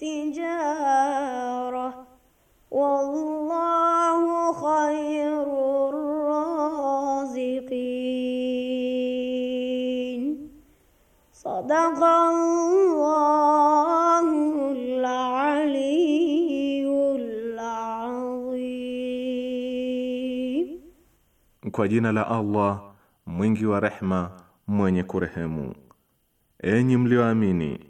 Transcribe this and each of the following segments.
التجارة والله خير الرازقين صدق الله العلي العظيم kwa jina la Allah mwingi wa rehema mwenye kurehemu enyi mlioamini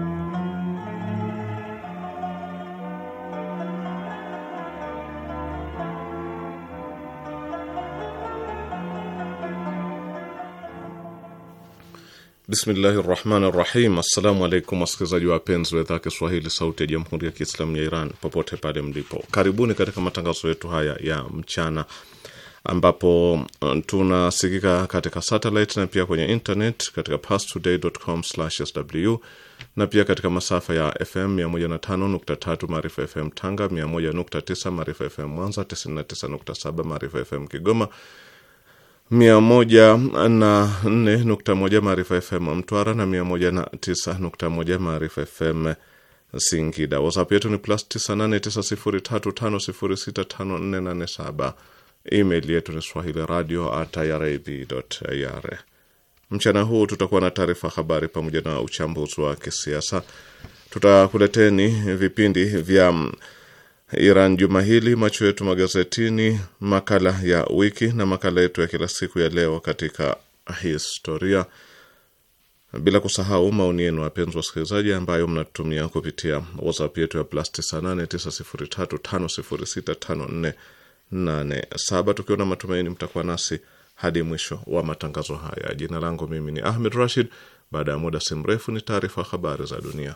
Bismillahi rahmani rahim. Assalamu alaikum wasikilizaji wapenzi wa idhaa Kiswahili sauti ya jamhuri ya Kiislamu ya Iran popote pale mlipo, karibuni katika matangazo yetu haya ya mchana ambapo uh, tunasikika katika satellite na pia kwenye internet katika pastoday.com/sw na pia katika masafa ya FM 105.3 Maarifa FM Tanga, 101.9 Maarifa FM Mwanza, 99.7 Maarifa FM Kigoma 104.1 Maarifa FM Mtwara na 109.1 Maarifa FM Singida. WhatsApp yetu ni plus 989035065487. Email yetu ni swahili radio at irib.ir. Mchana huu tutakuwa na taarifa habari pamoja na uchambuzi wa kisiasa. Tutakuleteni vipindi vya Iran juma hili, macho yetu magazetini, makala ya wiki na makala yetu ya kila siku ya leo katika historia, bila kusahau maoni yenu wapenzi wasikilizaji, ambayo mnatumia kupitia WhatsApp yetu ya plus 989035065487 tukiwa na matumaini mtakuwa nasi hadi mwisho wa matangazo haya. Jina langu mimi ni Ahmed Rashid. Baada ya muda si mrefu ni taarifa habari za dunia.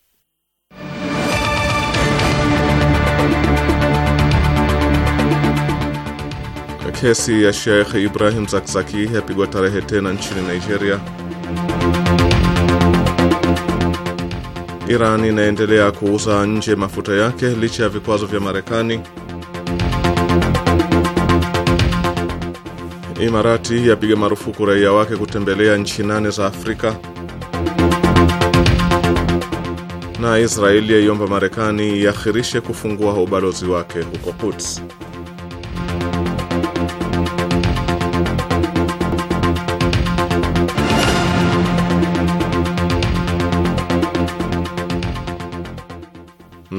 Kesi ya Sheikh Ibrahim Zakzaki yapigwa tarehe tena nchini Nigeria. Iran inaendelea kuuza nje mafuta yake licha ya vikwazo vya Marekani. Imarati yapiga marufuku raia wake kutembelea nchi nane za Afrika. Na Israeli yaiomba Marekani iakhirishe kufungua ubalozi wake huko Quds.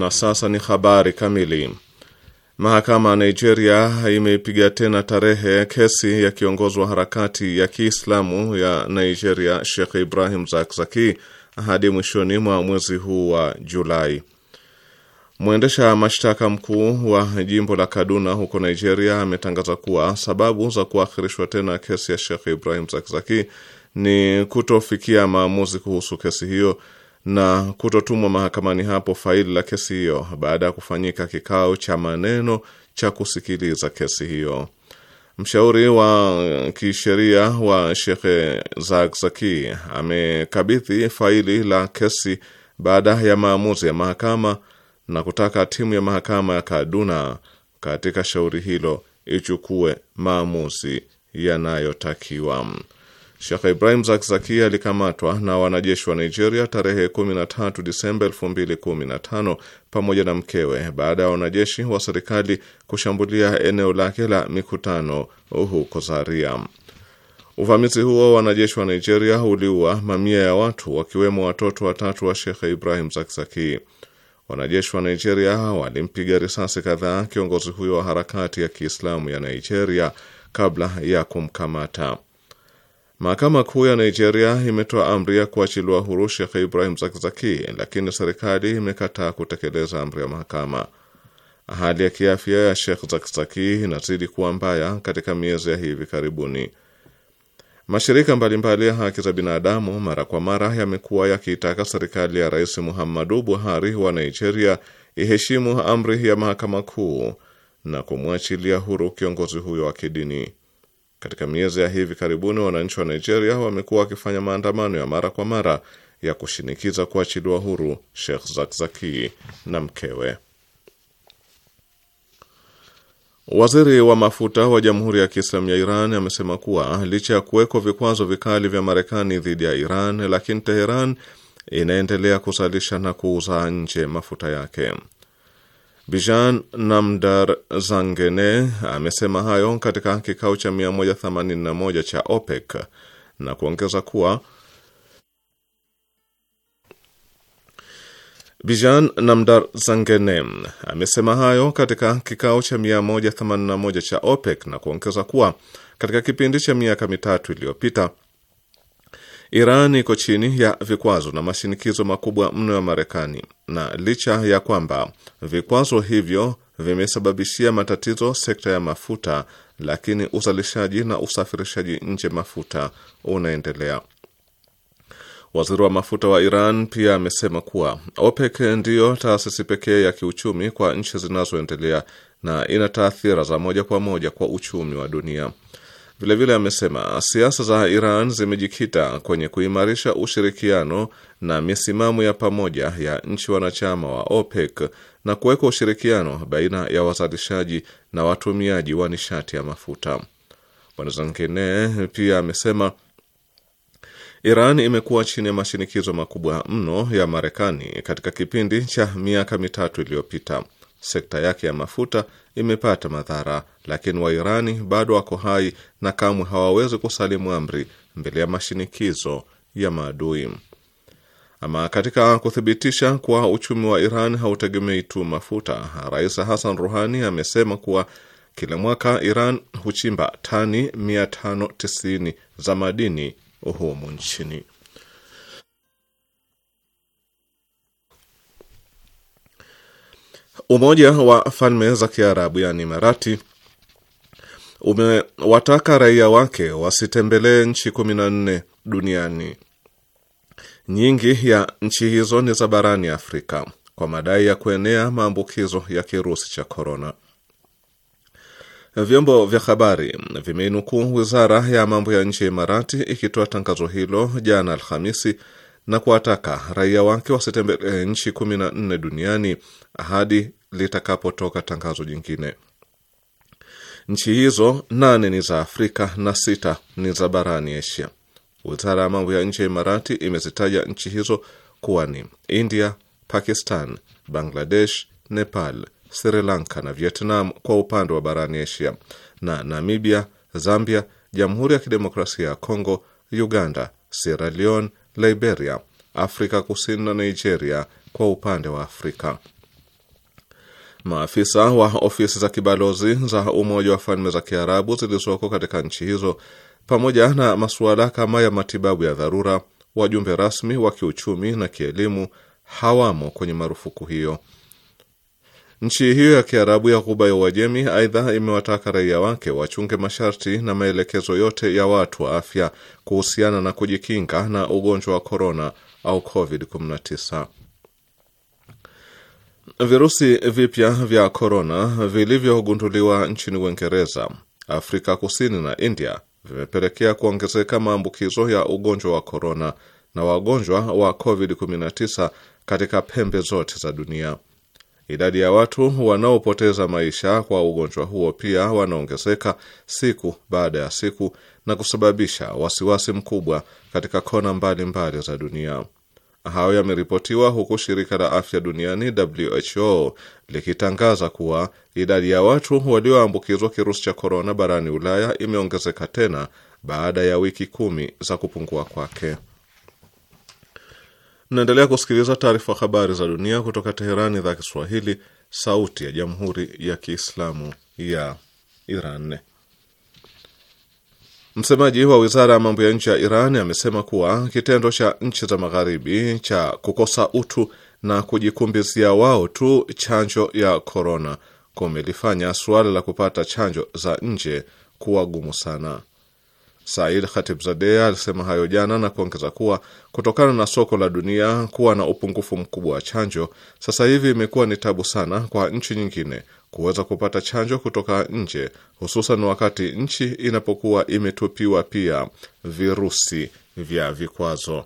Na sasa ni habari kamili. Mahakama ya Nigeria imeipiga tena tarehe kesi ya kiongozi wa harakati ya Kiislamu ya Nigeria Sheikh Ibrahim Zakzaki hadi mwishoni mwa mwezi huu wa Julai. Mwendesha mashtaka mkuu wa jimbo la Kaduna huko Nigeria ametangaza kuwa sababu za kuakhirishwa tena kesi ya Sheikh Ibrahim Zakzaki ni kutofikia maamuzi kuhusu kesi hiyo na kutotumwa mahakamani hapo faili la kesi hiyo baada ya kufanyika kikao cha maneno cha kusikiliza kesi hiyo. Mshauri wa kisheria wa Shekhe Zakzaki amekabidhi faili la kesi baada ya maamuzi ya mahakama na kutaka timu ya mahakama ya Kaduna katika shauri hilo ichukue maamuzi yanayotakiwa. Shekh Ibrahim Zakzaki alikamatwa na wanajeshi wa Nigeria tarehe 13 Disemba 2015 pamoja na mkewe baada ya wanajeshi wa serikali kushambulia eneo lake la mikutano huko Zaria. Uvamizi huo wanajeshi wa Nigeria uliua mamia ya watu wakiwemo watoto watatu wa Shekh Ibrahim Zakzaki. Wanajeshi wa Nigeria walimpiga risasi kadhaa kiongozi huyo wa harakati ya Kiislamu ya Nigeria kabla ya kumkamata. Mahakama Kuu ya Nigeria imetoa amri ya kuachiliwa huru Shekh Ibrahim Zakzaki, lakini serikali imekataa kutekeleza amri ya mahakama. Hali ya kiafya ya Shekh Zakzaki inazidi kuwa mbaya katika miezi ya hivi karibuni. Mashirika mbalimbali ya haki za binadamu mara kwa mara yamekuwa yakiitaka serikali ya Rais Muhammadu Buhari wa Nigeria iheshimu amri ya mahakama kuu na kumwachilia huru kiongozi huyo wa kidini. Katika miezi ya hivi karibuni, wananchi wa Nigeria wamekuwa wakifanya maandamano ya mara kwa mara ya kushinikiza kuachiliwa huru Sheikh Zakzaki na mkewe. Waziri wa mafuta wa Jamhuri ya Kiislamu ya Iran amesema kuwa licha ya kuwekwa vikwazo vikali vya Marekani dhidi ya Iran, lakini Teheran inaendelea kuzalisha na kuuza nje mafuta yake. Bijan Namdar Zangene amesema hayo katika kikao cha 181 cha OPEC na kuongeza kuwa Bijan Namdar Zangene amesema hayo katika kikao cha 181 cha OPEC na kuongeza kuwa katika kipindi cha miaka mitatu iliyopita Iran iko chini ya vikwazo na mashinikizo makubwa mno ya Marekani, na licha ya kwamba vikwazo hivyo vimesababishia matatizo sekta ya mafuta, lakini uzalishaji na usafirishaji nje mafuta unaendelea. Waziri wa mafuta wa Iran pia amesema kuwa OPEC ndiyo taasisi pekee ya kiuchumi kwa nchi zinazoendelea na ina taathira za moja kwa moja kwa uchumi wa dunia. Vilevile amesema siasa za Iran zimejikita kwenye kuimarisha ushirikiano na misimamo ya pamoja ya nchi wanachama wa OPEC na kuweka ushirikiano baina ya wazalishaji na watumiaji wa nishati ya mafuta. Bwana Zankine pia amesema Iran imekuwa chini ya mashinikizo makubwa mno ya Marekani katika kipindi cha miaka mitatu iliyopita sekta yake ya mafuta imepata madhara, lakini Wairani bado wako hai na kamwe hawawezi kusalimu amri mbele ya mashinikizo ya maadui. Ama katika kuthibitisha kuwa uchumi wa Iran hautegemei tu mafuta, Rais Hassan Rouhani amesema kuwa kila mwaka Iran huchimba tani 590 za madini humu nchini. Umoja wa Falme za Kiarabu yani Imarati umewataka raia wake wasitembelee nchi kumi na nne duniani. Nyingi ya nchi hizo ni za barani Afrika kwa madai ya kuenea maambukizo ya kirusi cha korona. Vyombo vya habari vimeinukuu wizara ya mambo ya nje ya Imarati ikitoa tangazo hilo jana Alhamisi na kuwataka raia wake wasitembelee nchi kumi na nne duniani hadi litakapotoka tangazo jingine. Nchi hizo nane ni za Afrika na sita ni za barani Asia. Wizara ya mambo ya nje ya Imarati imezitaja nchi hizo kuwa ni India, Pakistan, Bangladesh, Nepal, Sri Lanka na Vietnam kwa upande wa barani Asia, na Namibia, Zambia, Jamhuri ya Kidemokrasia ya Kongo, Uganda, Sierra Leone, Liberia, Afrika Kusini na Nigeria kwa upande wa Afrika. Maafisa wa ofisi za kibalozi za Umoja wa Falme za Kiarabu zilizoko katika nchi hizo, pamoja na masuala kama ya matibabu ya dharura, wajumbe rasmi wa kiuchumi na kielimu hawamo kwenye marufuku hiyo. Nchi hiyo ya Kiarabu ya Ghuba ya Uajemi aidha imewataka raia wake wachunge masharti na maelekezo yote ya watu wa afya kuhusiana na kujikinga na ugonjwa wa korona au COVID-19. Virusi vipya vya korona vilivyogunduliwa nchini Uingereza, Afrika Kusini na India vimepelekea kuongezeka maambukizo ya ugonjwa wa korona na wagonjwa wa COVID-19 katika pembe zote za dunia. Idadi ya watu wanaopoteza maisha kwa ugonjwa huo pia wanaongezeka siku baada ya siku na kusababisha wasiwasi mkubwa katika kona mbalimbali mbali za dunia. Hayo yameripotiwa huku shirika la afya duniani WHO likitangaza kuwa idadi ya watu walioambukizwa kirusi cha korona barani Ulaya imeongezeka tena baada ya wiki kumi za kupungua kwake. Naendelea kusikiliza taarifa habari za dunia kutoka Teherani, idhaa Kiswahili, sauti ya jamhuri ya kiislamu ya Iran. Msemaji wa wizara ya mambo ya nje ya Iran amesema kuwa kitendo cha nchi za magharibi cha kukosa utu na kujikumbizia wao tu chanjo ya korona kumelifanya suala la kupata chanjo za nje kuwa gumu sana. Said Khatibzadeh alisema hayo jana na kuongeza kuwa kutokana na soko la dunia kuwa na upungufu mkubwa wa chanjo, sasa hivi imekuwa ni tabu sana kwa nchi nyingine kuweza kupata chanjo kutoka nje, hususan wakati nchi inapokuwa imetupiwa pia virusi vya vikwazo.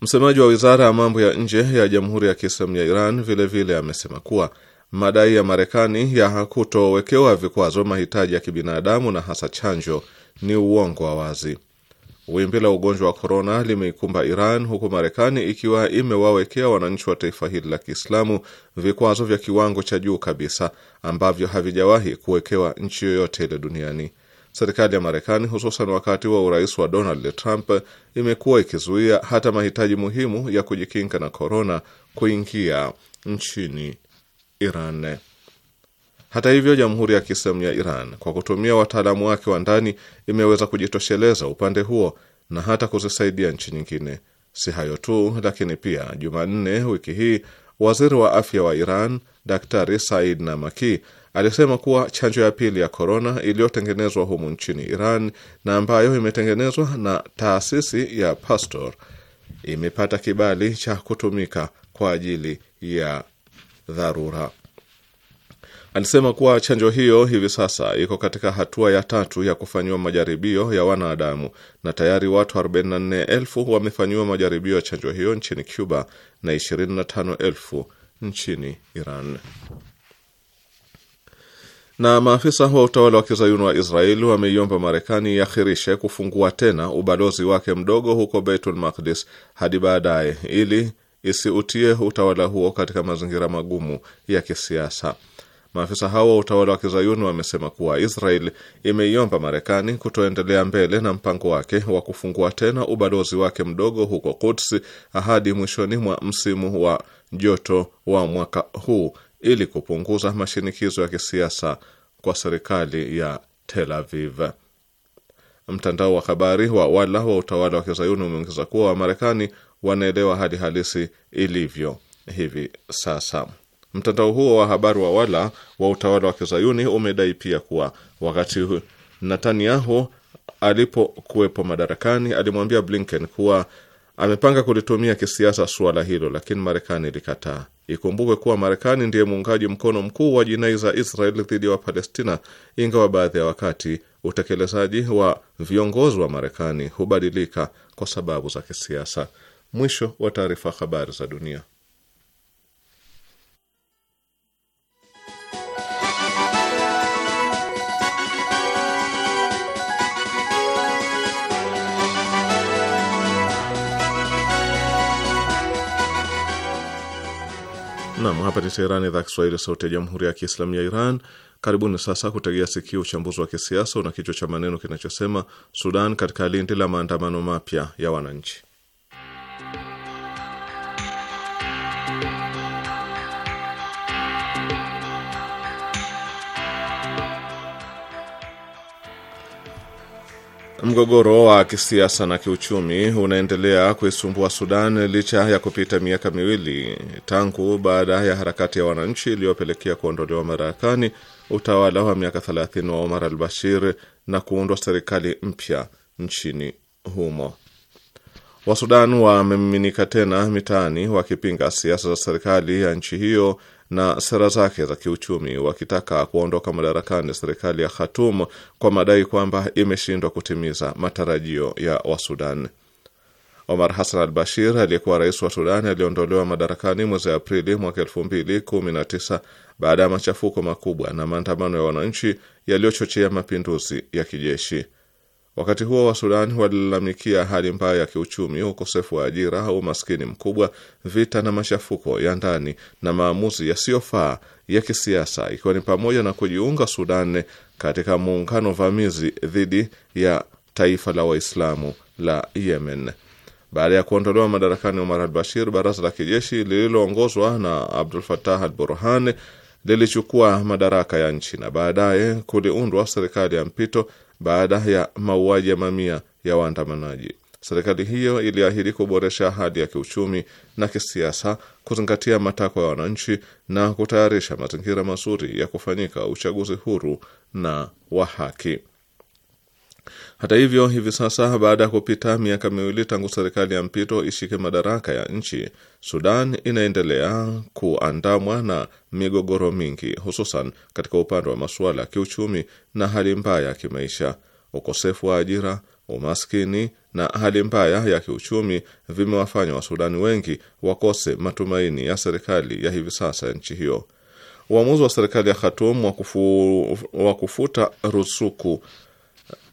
Msemaji wa wizara ya mambo ya nje ya Jamhuri ya Kiislamu ya Iran vilevile vile amesema kuwa madai ya Marekani ya kutowekewa vikwazo mahitaji ya kibinadamu na hasa chanjo ni uongo wa wazi. Wimbi la ugonjwa wa korona limeikumba Iran huku Marekani ikiwa imewawekea wananchi wa taifa hili la Kiislamu vikwazo vya kiwango cha juu kabisa ambavyo havijawahi kuwekewa nchi yoyote ile duniani. Serikali ya Marekani, hususan wakati wa urais wa Donald Trump, imekuwa ikizuia hata mahitaji muhimu ya kujikinga na korona kuingia nchini Iran. Hata hivyo, Jamhuri ya Kiislamu ya Iran kwa kutumia wataalamu wake wa ndani imeweza kujitosheleza upande huo na hata kuzisaidia nchi nyingine. Si hayo tu, lakini pia Jumanne wiki hii waziri wa afya wa Iran Daktari Said Namaki alisema kuwa chanjo ya pili ya korona iliyotengenezwa humu nchini Iran na ambayo imetengenezwa na taasisi ya Pasteur imepata kibali cha kutumika kwa ajili ya dharura. Alisema kuwa chanjo hiyo hivi sasa iko katika hatua ya tatu ya kufanyiwa majaribio ya wanadamu na tayari watu 44,000 wamefanyiwa majaribio ya chanjo hiyo nchini Cuba na 25,000 nchini Iran. Na maafisa wa utawala wa kizayuni wa Israeli wameiomba Marekani iahirishe kufungua tena ubalozi wake mdogo huko Beitul Makdis hadi baadaye ili isiutie utawala huo katika mazingira magumu ya kisiasa. Maafisa hao wa utawala wa kizayuni wamesema kuwa Israel imeiomba Marekani kutoendelea mbele na mpango wake wa kufungua tena ubalozi wake mdogo huko Quds hadi mwishoni mwa msimu wa joto wa mwaka huu ili kupunguza mashinikizo ya kisiasa kwa serikali ya Tel Aviv. Mtandao wa habari wa wala wa utawala wa kizayuni umeongeza kuwa Wamarekani wanaelewa hali halisi ilivyo hivi sasa. Mtandao huo wa habari wa Wala wa utawala wa kizayuni umedai pia kuwa wakati Netanyahu alipokuwepo madarakani alimwambia Blinken kuwa amepanga kulitumia kisiasa suala hilo, lakini Marekani ilikataa. Ikumbukwe kuwa Marekani ndiye muungaji mkono mkuu wa jinai za Israel dhidi ya Wapalestina, ingawa baadhi ya wakati utekelezaji wa viongozi wa Marekani hubadilika kwa sababu za kisiasa. Mwisho wa taarifa. Habari za dunia. Nam, hapa ni Teherani, idhaa Kiswahili, sauti ya jamhuri ya kiislamu ya Iran. Karibuni sasa kutegea sikio uchambuzi wa kisiasa una kichwa cha maneno kinachosema Sudan katika lindi la maandamano mapya ya wananchi. Mgogoro wa kisiasa na kiuchumi unaendelea kuisumbua Sudan licha ya kupita miaka miwili tangu baada ya harakati ya wananchi iliyopelekea kuondolewa madarakani utawala wa miaka 30 wa Omar al-Bashir na kuundwa serikali mpya nchini humo. Wasudan wamemiminika tena mitaani wakipinga siasa za serikali ya nchi hiyo na sera zake za kiuchumi wakitaka kuondoka madarakani serikali ya Khatum kwa madai kwamba imeshindwa kutimiza matarajio ya Wasudan. Omar Hassan al Bashir aliyekuwa rais wa Sudan aliondolewa madarakani mwezi Aprili mwaka 219 baada ya machafuko makubwa na maandamano ya wananchi yaliyochochea mapinduzi ya kijeshi. Wakati huo wa Sudan walilalamikia hali mbaya ya kiuchumi, ukosefu wa ajira, umaskini mkubwa, vita na machafuko ya ndani na maamuzi yasiyofaa ya kisiasa, ikiwa ni pamoja na kujiunga Sudan katika muungano vamizi dhidi ya taifa la Waislamu la Yemen. Baada ya kuondolewa madarakani Omar al Bashir, baraza la kijeshi lililoongozwa na Abdul Fatah al Burhan lilichukua madaraka ya nchi na baadaye kuliundwa serikali ya mpito baada ya mauaji ya mamia ya waandamanaji. Serikali hiyo iliahidi kuboresha ahadi ya kiuchumi na kisiasa, kuzingatia matakwa ya wananchi na kutayarisha mazingira mazuri ya kufanyika uchaguzi huru na wa haki. Hata hivyo, hivi sasa baada ya kupita miaka miwili tangu serikali ya mpito ishike madaraka ya nchi, Sudan inaendelea kuandamwa na migogoro mingi, hususan katika upande wa masuala ya kiuchumi na hali mbaya ya kimaisha. Ukosefu wa ajira, umaskini na hali mbaya ya kiuchumi vimewafanya Wasudani wengi wakose matumaini ya serikali ya hivi sasa ya nchi hiyo. Uamuzi wa serikali ya Khartoum wa kufuta rusuku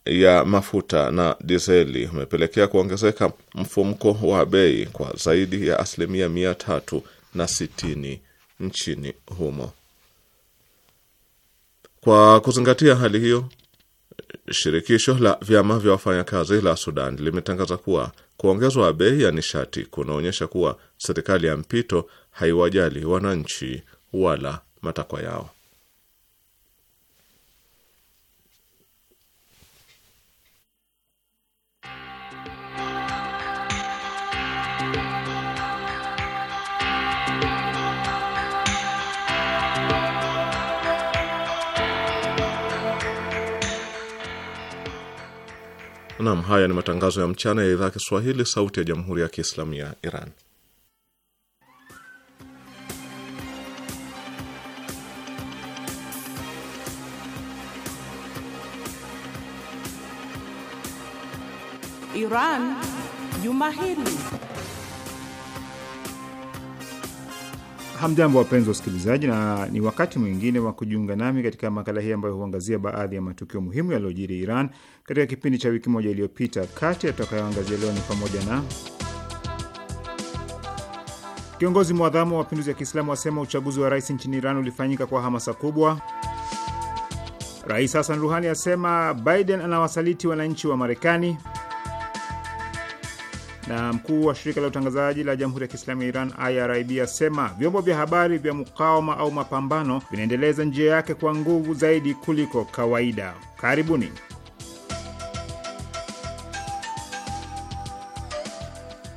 ya mafuta na dizeli umepelekea kuongezeka mfumko wa bei kwa zaidi ya asilimia mia tatu na sitini nchini humo. Kwa kuzingatia hali hiyo, shirikisho la vyama vya wafanyakazi la Sudan limetangaza kuwa kuongezwa bei ya nishati kunaonyesha kuwa serikali ya mpito haiwajali wananchi wala matakwa yao. Naam, haya ni matangazo ya mchana ya idhaa Kiswahili, sauti ya jamhuri ya kiislamu ya Iran. Iran Juma Hili. Hamjambo, wapenzi wa usikilizaji, na ni wakati mwingine wa kujiunga nami katika makala hii ambayo huangazia baadhi ya matukio muhimu yaliyojiri Iran katika kipindi cha wiki moja iliyopita. Kati ya tutakayoangazia leo ni pamoja na kiongozi mwadhamu wa mapinduzi ya Kiislamu asema uchaguzi wa rais nchini Iran ulifanyika kwa hamasa kubwa. Rais Hasan Ruhani asema Biden anawasaliti wananchi wa Marekani. Na mkuu wa shirika la utangazaji la Jamhuri ya Kiislamu ya Iran IRIB asema vyombo vya habari vya mukawama au mapambano vinaendeleza njia yake kwa nguvu zaidi kuliko kawaida. Karibuni.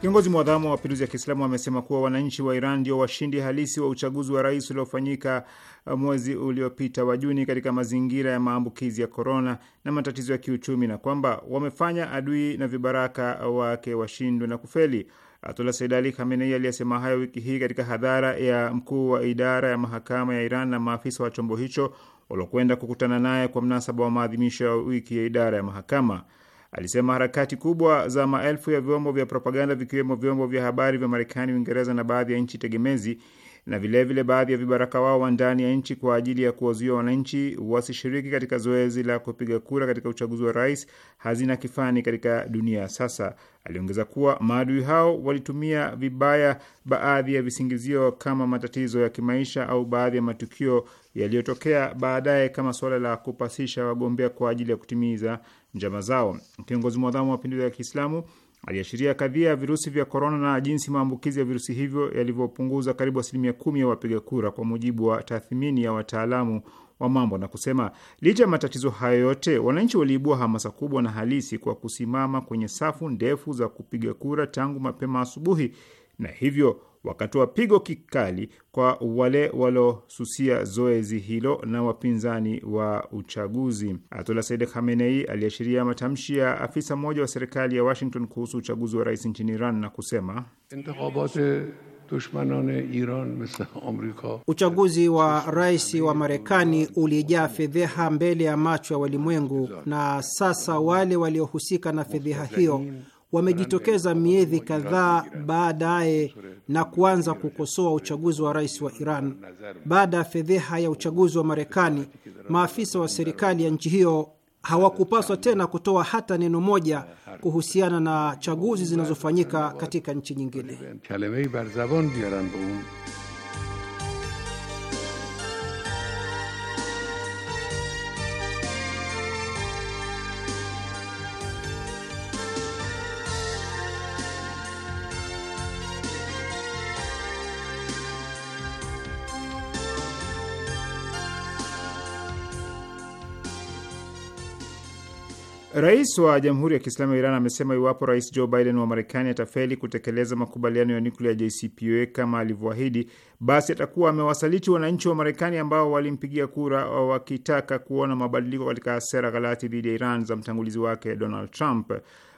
Kiongozi mwadhamu wa mapinduzi ya Kiislamu amesema kuwa wananchi wa Iran ndio washindi halisi wa uchaguzi wa rais uliofanyika mwezi uliopita wa Juni katika mazingira ya maambukizi ya korona na matatizo ya kiuchumi na kwamba wamefanya adui na vibaraka wake washindwe na kufeli. Ayatullah Sayyid Ali Khamenei aliyesema hayo wiki hii katika hadhara ya mkuu wa idara ya mahakama ya Iran na maafisa wa chombo hicho waliokwenda kukutana naye kwa mnasaba wa maadhimisho ya wiki ya idara ya mahakama. Alisema harakati kubwa za maelfu ya vyombo vya propaganda vikiwemo vyombo vya habari vya Marekani, Uingereza na baadhi ya nchi tegemezi na vilevile vile baadhi ya vibaraka wao wa ndani ya nchi kwa ajili ya kuwazuia wananchi wasishiriki katika zoezi la kupiga kura katika uchaguzi wa rais hazina kifani katika dunia sasa. Aliongeza kuwa maadui hao walitumia vibaya baadhi ya visingizio kama matatizo ya kimaisha au baadhi ya matukio yaliyotokea baadaye kama suala la kupasisha wagombea kwa ajili ya kutimiza njama zao. Kiongozi mwadhamu wa mapinduzi ya Kiislamu Aliashiria kadhia ya virusi vya korona na jinsi maambukizi ya virusi hivyo yalivyopunguza karibu asilimia kumi ya wapiga kura kwa mujibu wa tathmini ya wataalamu wa mambo na kusema licha ya matatizo hayo yote, wananchi waliibua hamasa kubwa na halisi kwa kusimama kwenye safu ndefu za kupiga kura tangu mapema asubuhi na hivyo wakatoa pigo kikali kwa wale walosusia zoezi hilo na wapinzani wa uchaguzi. Ayatollah Said Khamenei aliashiria matamshi ya afisa mmoja wa serikali ya Washington kuhusu uchaguzi wa rais nchini Iran na kusema Uchaguzi wa rais wa Marekani ulijaa fedheha mbele ya macho ya walimwengu, na sasa wale waliohusika na fedheha hiyo wamejitokeza miezi kadhaa baadaye na kuanza kukosoa uchaguzi wa rais wa Iran. Baada ya fedheha ya uchaguzi wa Marekani, maafisa wa serikali ya nchi hiyo hawakupaswa tena kutoa hata neno moja kuhusiana na chaguzi zinazofanyika katika nchi nyingine. Rais wa Jamhuri ya Kiislamu ya Iran amesema iwapo Rais Joe Biden wa Marekani atafeli kutekeleza makubaliano ya nuklia JCPOA kama alivyoahidi, basi atakuwa amewasaliti wananchi wa Marekani ambao walimpigia kura wakitaka kuona mabadiliko katika sera ghalati dhidi ya Iran za mtangulizi wake Donald Trump.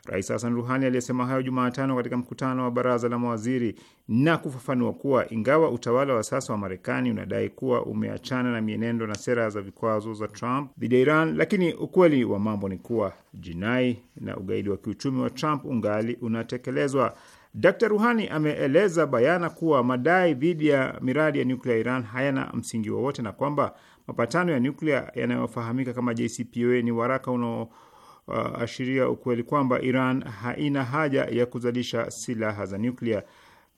Rais Hasan Ruhani aliyesema hayo Jumatano katika mkutano wa baraza la mawaziri na kufafanua kuwa ingawa utawala wa sasa wa Marekani unadai kuwa umeachana na mienendo na sera za vikwazo za Trump dhidi ya Iran, lakini ukweli wa mambo ni kuwa jinai na ugaidi wa kiuchumi wa Trump ungali unatekelezwa. Dr Ruhani ameeleza bayana kuwa madai dhidi ya miradi ya nyuklia ya Iran hayana msingi wowote na kwamba mapatano ya nyuklia yanayofahamika kama JCPOA ni waraka unao uh, ashiria ukweli kwamba Iran haina haja ya kuzalisha silaha za nyuklia.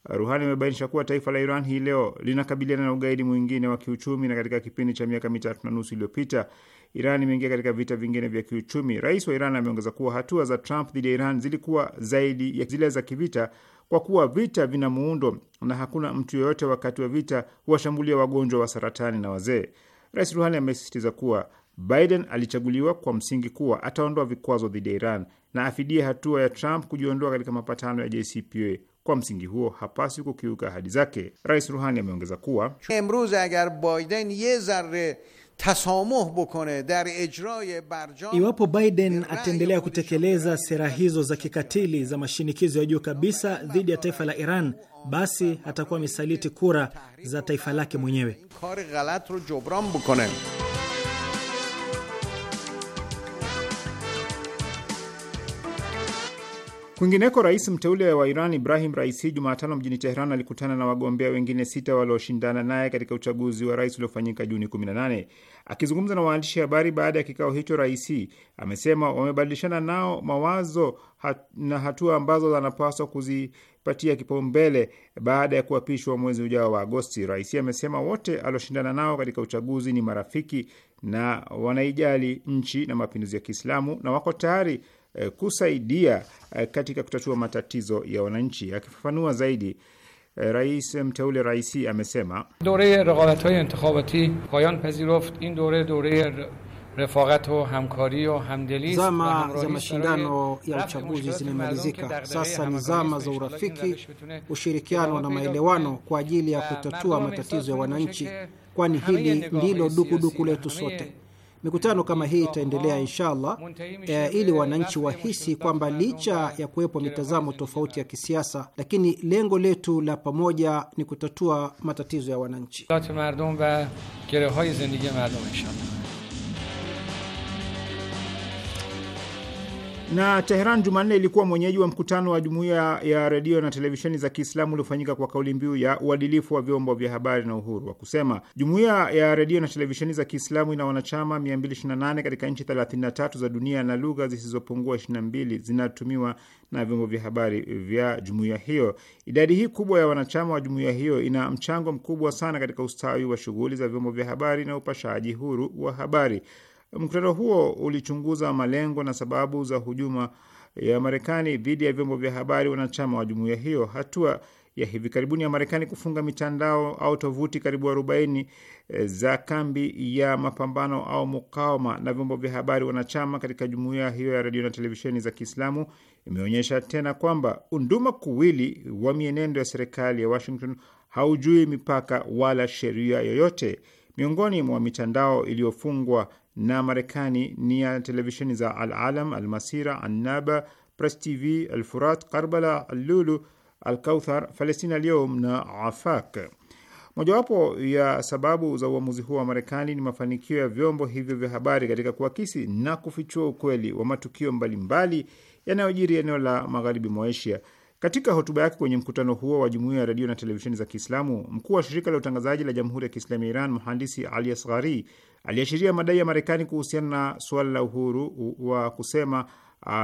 Ruhani amebainisha kuwa taifa la Iran hii leo linakabiliana na ugaidi mwingine wa kiuchumi, na katika kipindi cha miaka mitatu na nusu iliyopita Iran imeingia katika vita vingine vya kiuchumi. Rais wa Iran ameongeza kuwa hatua za Trump dhidi ya Iran zilikuwa zaidi ya zile za kivita, kwa kuwa vita vina muundo na hakuna mtu yoyote wakati wa vita huwashambulia wagonjwa wa saratani na wazee. Rais Ruhani amesisitiza kuwa Biden alichaguliwa kwa msingi kuwa ataondoa vikwazo dhidi ya Iran na afidie hatua ya Trump kujiondoa katika mapatano ya JCPOA. Kwa msingi huo hapasi kukiuka ahadi zake. Rais Ruhani ameongeza kuwa emruz agar Biden ye zarre Iwapo Biden ataendelea kutekeleza sera hizo za kikatili za mashinikizo ya juu kabisa dhidi ya taifa la Iran, basi atakuwa amesaliti kura za taifa lake mwenyewe. Kwingineko, rais mteule wa Iran Ibrahim Raisi Jumatano mjini Teheran alikutana na wagombea wengine sita walioshindana naye katika uchaguzi wa rais uliofanyika Juni 18. Akizungumza na waandishi habari baada ya kikao hicho, Raisi amesema wamebadilishana nao mawazo hat, na hatua ambazo wanapaswa kuzipatia kipaumbele baada ya kuapishwa mwezi ujao wa Agosti. Raisi amesema wote alioshindana nao katika uchaguzi ni marafiki na wanaijali nchi na mapinduzi ya Kiislamu na wako tayari Eh, kusaidia eh, katika kutatua matatizo ya wananchi. Akifafanua zaidi eh, Rais mteule Raisi amesema zama za mashindano ya uchaguzi zimemalizika. Sasa ni zama za urafiki, ushirikiano na maelewano kwa ajili ya kutatua matatizo ya wananchi, kwani hili ndilo dukuduku letu sote. Mikutano kama hii itaendelea inshallah, e, ili wananchi wahisi kwamba licha ya kuwepo mitazamo tofauti ya kisiasa, lakini lengo letu la pamoja ni kutatua matatizo ya wananchi. Na Teheran Jumanne ilikuwa mwenyeji wa mkutano wa jumuiya ya redio na televisheni za Kiislamu uliofanyika kwa kauli mbiu ya uadilifu wa vyombo vya habari na uhuru wa kusema. Jumuiya ya redio na televisheni za Kiislamu ina wanachama 228 katika nchi 33 za dunia na lugha zisizopungua 22 zinatumiwa na vyombo vya habari vya jumuiya hiyo. Idadi hii kubwa ya wanachama wa jumuiya hiyo ina mchango mkubwa sana katika ustawi wa shughuli za vyombo vya habari na upashaji huru wa habari. Mkutano huo ulichunguza malengo na sababu za hujuma ya Marekani dhidi ya vyombo vya habari wanachama wa jumuiya hiyo. Hatua ya hivi karibuni ya Marekani kufunga mitandao au tovuti karibu 40 eh, za kambi ya mapambano au mukawama na vyombo vya habari wanachama katika jumuiya hiyo ya redio na televisheni za Kiislamu imeonyesha tena kwamba unduma kuwili wa mienendo ya serikali ya Washington haujui mipaka wala sheria yoyote. Miongoni mwa mitandao iliyofungwa na Marekani ni ya televisheni za Alalam, Almasira, Annaba, Press TV, Alfurat, Karbala, Allulu, Alkauthar, Palestina Lyaum na Afak. Mojawapo ya sababu za uamuzi huo wa Marekani ni mafanikio ya vyombo hivyo vya habari katika kuakisi na kufichua ukweli wa matukio mbalimbali yanayojiri eneo la magharibi mwa Asia. Katika hotuba yake kwenye mkutano huo wa jumuiya ya redio na televisheni za Kiislamu, mkuu wa shirika la utangazaji la jamhuri ya Kiislamu ya Iran mhandisi Ali Asghari aliashiria madai ya Marekani kuhusiana na suala la uhuru wa kusema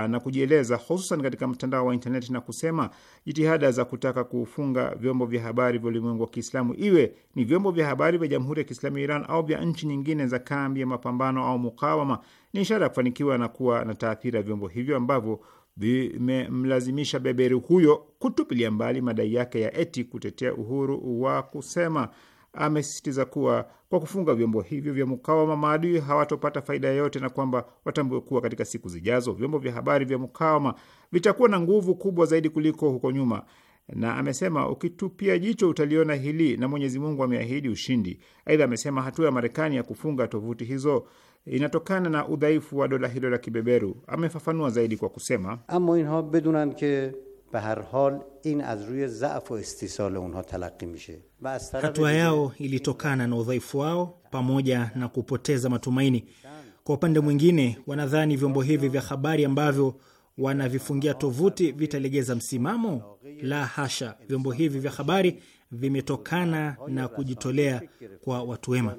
na kujieleza hususan katika mtandao wa intaneti na kusema jitihada za kutaka kufunga vyombo vya habari vya ulimwengu wa Kiislamu, iwe ni vyombo vya habari vya Jamhuri ya Kiislamu ya Iran au vya nchi nyingine za kambi ya mapambano au mukawama, ni ishara ya kufanikiwa na kuwa na taathira ya vyombo hivyo ambavyo vimemlazimisha beberi huyo kutupilia mbali madai yake ya eti kutetea uhuru wa kusema. Amesisitiza kuwa kwa kufunga vyombo hivyo vya mukawama, maadui hawatopata faida yoyote, na kwamba watambue kuwa katika siku zijazo vyombo vya habari vya mukawama vitakuwa na nguvu kubwa zaidi kuliko huko nyuma. Na amesema ukitupia jicho utaliona hili, na Mwenyezi Mungu ameahidi ushindi. Aidha amesema hatua ya Marekani ya kufunga tovuti hizo inatokana na udhaifu wa dola hilo la kibeberu. Amefafanua zaidi kwa kusema, amma inha bedunan ke be har hal in az ruye wa istisal unha mishe, hatua yao ilitokana na udhaifu wao pamoja na kupoteza matumaini. Kwa upande mwingine, wanadhani vyombo hivi vya habari ambavyo wanavifungia tovuti vitalegeza msimamo? La hasha, vyombo hivi vya habari vimetokana na kujitolea kwa watu wema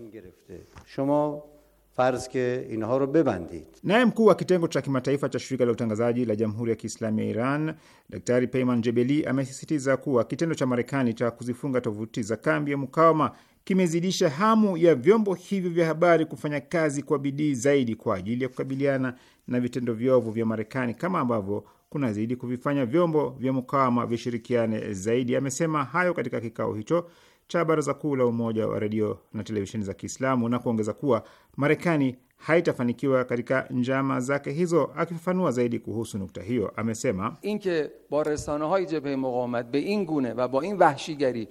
farz ke اینها رو ببندید. Naye mkuu wa kitengo cha kimataifa cha shirika la utangazaji la Jamhuri ya Kiislamu ya Iran, Daktari Peyman Jebeli amesisitiza kuwa kitendo cha Marekani cha kuzifunga tovuti za kambi ya mukawama kimezidisha hamu ya vyombo hivyo vya habari kufanya kazi kwa bidii zaidi kwa ajili ya kukabiliana na vitendo vyovu vya Marekani kama ambavyo kunazidi kuvifanya vyombo vya mukawama vishirikiane zaidi. Amesema hayo katika kikao hicho cha Baraza Kuu la Umoja wa Redio na Televisheni za Kiislamu na kuongeza kuwa Marekani haitafanikiwa katika njama zake hizo. Akifafanua zaidi kuhusu nukta hiyo, amesema inke ba hai jabhe muqawamat be in gune va ba in vahshigari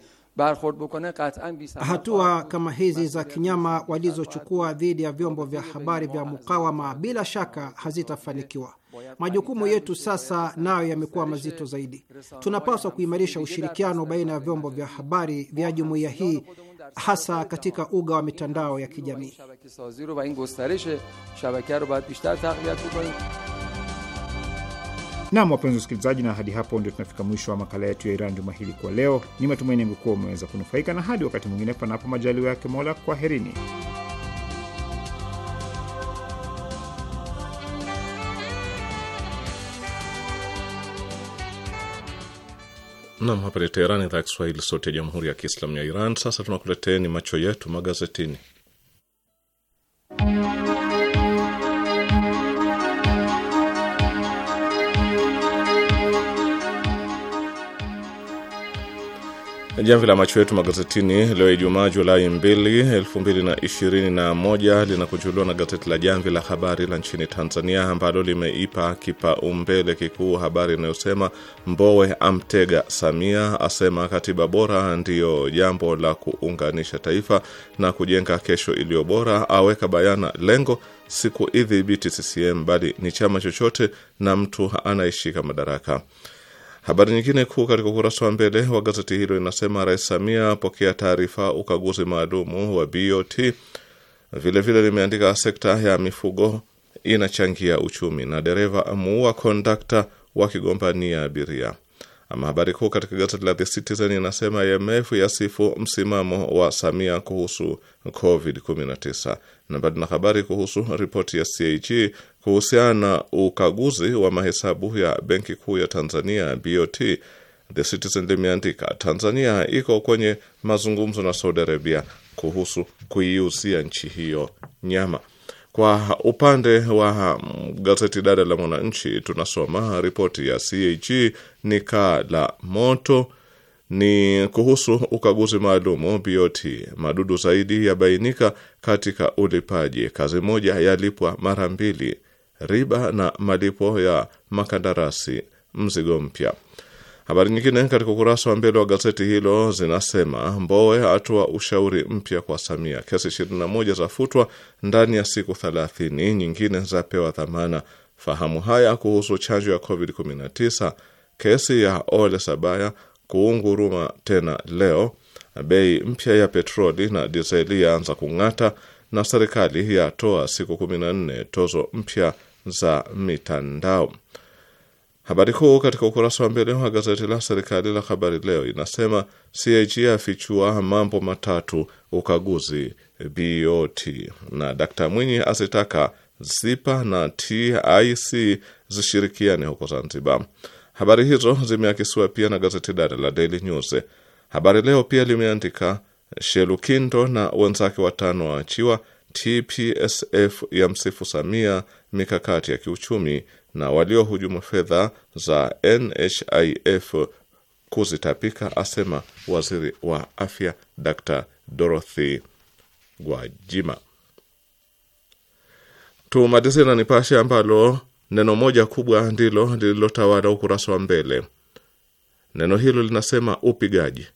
Hatua kama hizi za kinyama walizochukua dhidi ya vyombo vya habari vya mukawama bila shaka hazitafanikiwa. Majukumu yetu sasa nayo yamekuwa mazito zaidi. Tunapaswa kuimarisha ushirikiano baina ya vyombo vya habari vya jumuiya hii, hasa katika uga wa mitandao ya kijamii. Nam, wapenzi wasikilizaji, na hadi hapo ndio tunafika mwisho wa makala yetu ya Iran juma hili kwa leo. Ni matumaini yangu kuwa umeweza kunufaika, na hadi wakati mwingine, panapo majaliwa yake Mola, kwaherini. Nam, hapa ni Teherani, idhaa ya Kiswahili, sauti ya jamhuri ya kiislamu ya Iran. Sasa tunakuleteeni macho yetu magazetini Jamvi la macho yetu magazetini leo Ijumaa Julai 2, 2021 linakuchuliwa na gazeti la Jamvi la Habari la nchini Tanzania ambalo limeipa kipaumbele kikuu habari inayosema Mbowe amtega Samia, asema katiba bora ndiyo jambo la kuunganisha taifa na kujenga kesho iliyo bora, aweka bayana lengo siku idhibiti CCM bali ni chama chochote na mtu anayeshika madaraka. Habari nyingine kuu katika ukurasa wa mbele wa gazeti hilo inasema Rais Samia apokea taarifa ukaguzi maalumu wa BOT. Vilevile limeandika sekta ya mifugo inachangia uchumi, na dereva amuua kondakta wakigombania abiria. Ama habari kuu katika gazeti la The Citizen inasema IMF yasifu msimamo wa Samia kuhusu COVID-19. Na bado na habari kuhusu ripoti ya CAG e kuhusiana na ukaguzi wa mahesabu ya benki kuu ya Tanzania BOT, The Citizen limeandika Tanzania iko kwenye mazungumzo na Saudi Arabia kuhusu kuiuzia nchi hiyo nyama. Kwa upande wa mm, gazeti dada la Mwananchi tunasoma ripoti ya CAG e, ni kaa la moto ni kuhusu ukaguzi maalumu BOT, madudu zaidi yabainika katika ulipaji, kazi moja yalipwa mara mbili, riba na malipo ya makandarasi mzigo mpya. Habari nyingine katika ukurasa wa mbele wa gazeti hilo zinasema Mbowe atoa ushauri mpya kwa Samia, kesi 21 zafutwa ndani ya siku 30, nyingine zapewa dhamana. Fahamu haya kuhusu chanjo ya COVID-19, kesi ya Ole Sabaya kuunguruma tena leo, bei mpya ya petroli na dizeli yaanza kung'ata, na serikali yatoa siku 14 tozo mpya za mitandao. Habari kuu katika ukurasa wa mbele wa gazeti la serikali la Habari Leo inasema CAG afichua mambo matatu ukaguzi BOT, na Dkt Mwinyi azitaka ZIPA na TIC zishirikiane huko Zanzibar. Habari hizo zimeakisiwa pia na gazeti dada la Daily News. Habari Leo pia limeandika Shelukindo na wenzake watano waachiwa, TPSF ya msifu Samia mikakati ya kiuchumi na waliohujumu fedha za NHIF kuzitapika, asema waziri wa afya Dr. Dorothy Gwajima. Tumalizie na Nipashe ambalo neno moja kubwa ndilo lililotawala ukurasa wa mbele. Neno hilo linasema upigaji.